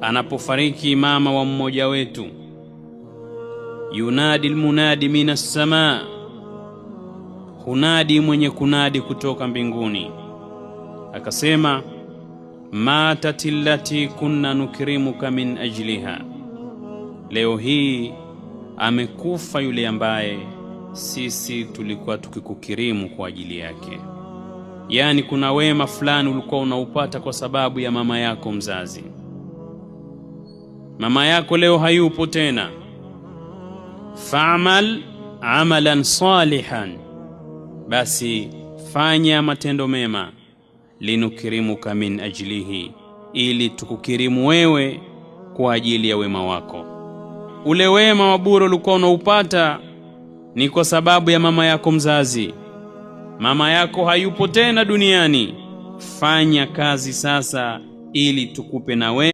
anapofariki mama wa mmoja wetu, yunadi lmunadi min assamaa, hunadi mwenye kunadi kutoka mbinguni akasema, matat allati kunna nukrimuka min ajliha, leo hii amekufa yule ambaye sisi tulikuwa tukikukirimu kwa ajili yake. Yaani, kuna wema fulani ulikuwa unaupata kwa sababu ya mama yako mzazi mama yako leo hayupo tena, fa'mal amalan salihan, basi fanya matendo mema, linukirimuka min ajlihi, ili tukukirimu wewe kwa ajili ya wema wako. Ule wema wa bure ulikuwa unaupata ni kwa sababu ya mama yako mzazi. Mama yako hayupo tena duniani, fanya kazi sasa ili tukupe na wewe